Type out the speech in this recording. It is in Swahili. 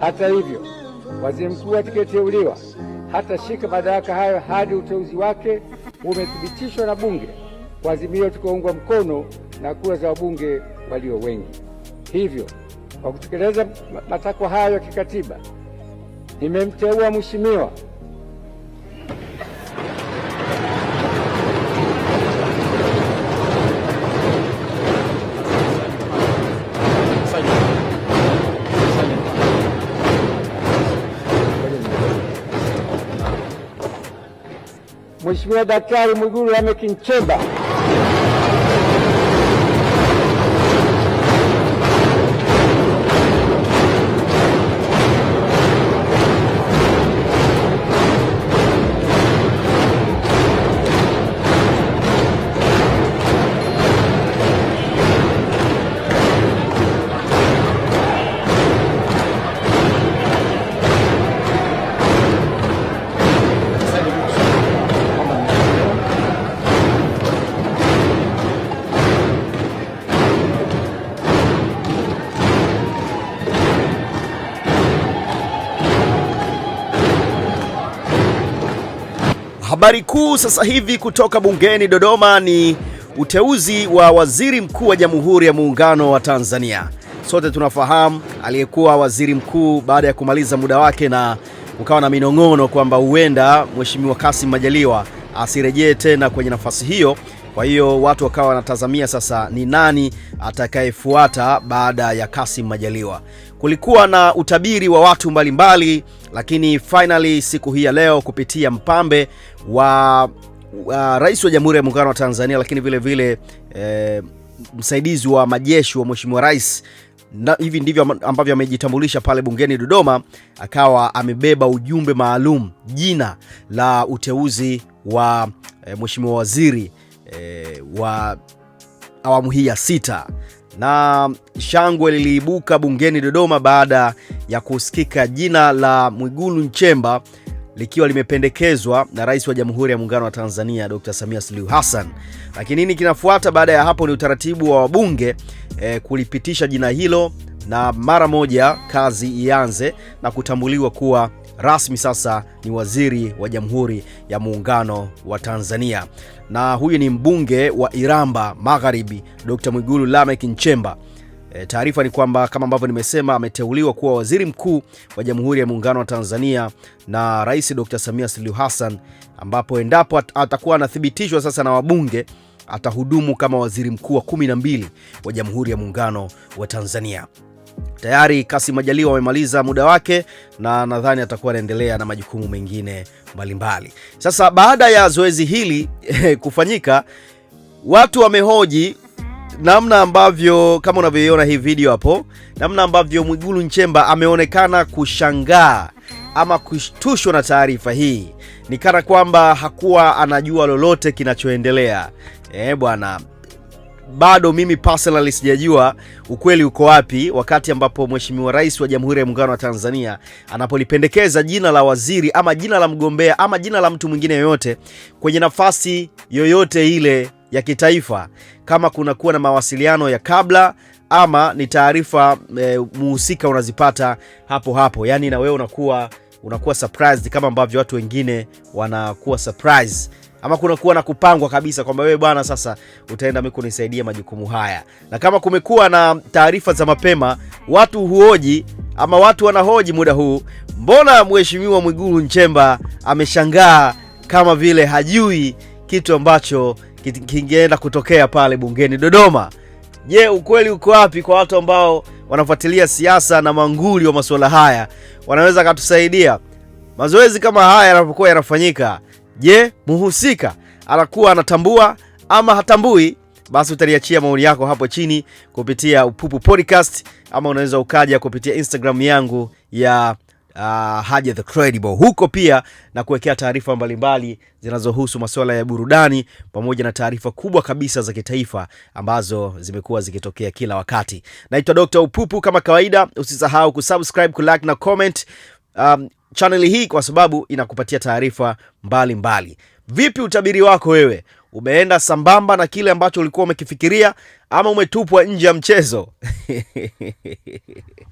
Hata hivyo, waziri mkuu atakayeteuliwa hatashika madaraka hayo hadi uteuzi wake umethibitishwa na bunge kwa azimio tukoungwa mkono na kura za wabunge walio wengi. Hivyo, kwa kutekeleza matakwa hayo ya kikatiba, nimemteua mheshimiwa Mheshimiwa Daktari Mwigulu Lameck Nchemba. Habari kuu sasa hivi kutoka bungeni Dodoma ni uteuzi wa waziri mkuu wa Jamhuri ya Muungano wa Tanzania. Sote tunafahamu aliyekuwa waziri mkuu baada ya kumaliza muda wake, na ukawa na minong'ono kwamba huenda Mheshimiwa Kassim Majaliwa asirejee tena kwenye nafasi hiyo, kwa hiyo watu wakawa wanatazamia sasa ni nani atakayefuata baada ya Kassim Majaliwa. Kulikuwa na utabiri wa watu mbalimbali mbali, lakini finally siku hii ya leo kupitia mpambe wa wa Rais wa Jamhuri ya Muungano wa Tanzania lakini vile vile eh, msaidizi wa majeshi wa Mheshimiwa Rais na, hivi ndivyo ambavyo amejitambulisha pale bungeni Dodoma, akawa amebeba ujumbe maalum, jina la uteuzi wa e, Mheshimiwa Waziri e, wa awamu hii ya sita na shangwe liliibuka bungeni Dodoma baada ya kusikika jina la Mwigulu Nchemba likiwa limependekezwa na Rais wa Jamhuri ya Muungano wa Tanzania Dr. Samia Suluhu Hassan. Lakini nini kinafuata baada ya hapo? Ni utaratibu wa wabunge eh, kulipitisha jina hilo na mara moja kazi ianze na kutambuliwa kuwa rasmi sasa ni waziri wa Jamhuri ya Muungano wa Tanzania. Na huyu ni mbunge wa Iramba Magharibi, Dr. Mwigulu Lameck Nchemba. E, taarifa ni kwamba kama ambavyo nimesema ameteuliwa kuwa waziri mkuu wa Jamhuri ya Muungano wa Tanzania na Rais Dr. Samia Suluhu Hassan, ambapo endapo atakuwa anathibitishwa sasa na wabunge atahudumu kama waziri mkuu wa 12 wa Jamhuri ya Muungano wa Tanzania. Tayari Kassim Majaliwa amemaliza muda wake na nadhani atakuwa anaendelea na majukumu mengine mbalimbali. Sasa baada ya zoezi hili kufanyika, watu wamehoji namna ambavyo kama unavyoiona hii video hapo, namna ambavyo Mwigulu Nchemba ameonekana kushangaa ama kushtushwa na taarifa hii, ni kana kwamba hakuwa anajua lolote kinachoendelea. Eh bwana bado mimi personally sijajua ukweli uko wapi, wakati ambapo Mheshimiwa Rais wa Jamhuri ya Muungano wa Tanzania anapolipendekeza jina la waziri ama jina la mgombea ama jina la mtu mwingine yoyote kwenye nafasi yoyote ile ya kitaifa, kama kuna kuwa na mawasiliano ya kabla ama ni taarifa e, muhusika unazipata hapo hapo, yani na wewe unakuwa unakuwa surprised kama ambavyo watu wengine wanakuwa surprised ama kunakuwa na kupangwa kabisa kwamba wewe bwana, sasa utaenda mimi kunisaidia majukumu haya. Na kama kumekuwa na taarifa za mapema, watu huoji ama watu wanahoji muda huu, mbona mheshimiwa Mwigulu Nchemba ameshangaa kama vile hajui kitu ambacho kingeenda kutokea pale bungeni Dodoma. Je, ukweli uko wapi? Kwa watu ambao wanafuatilia siasa na manguli wa masuala haya, wanaweza katusaidia. Mazoezi kama haya yanapokuwa yanafanyika Je, muhusika anakuwa anatambua ama hatambui? Basi utaniachia maoni yako hapo chini kupitia Upupu Podcast, ama unaweza ukaja kupitia Instagram yangu ya Uh, Haja the Credible huko pia na kuwekea taarifa mbalimbali zinazohusu masuala ya burudani pamoja na taarifa kubwa kabisa za kitaifa ambazo zimekuwa zikitokea kila wakati. Naitwa Dr. Upupu kama kawaida, usisahau kusubscribe, kulike na comment. Um, chaneli hii kwa sababu inakupatia taarifa mbalimbali. Vipi utabiri wako wewe? Umeenda sambamba na kile ambacho ulikuwa umekifikiria ama umetupwa nje ya mchezo?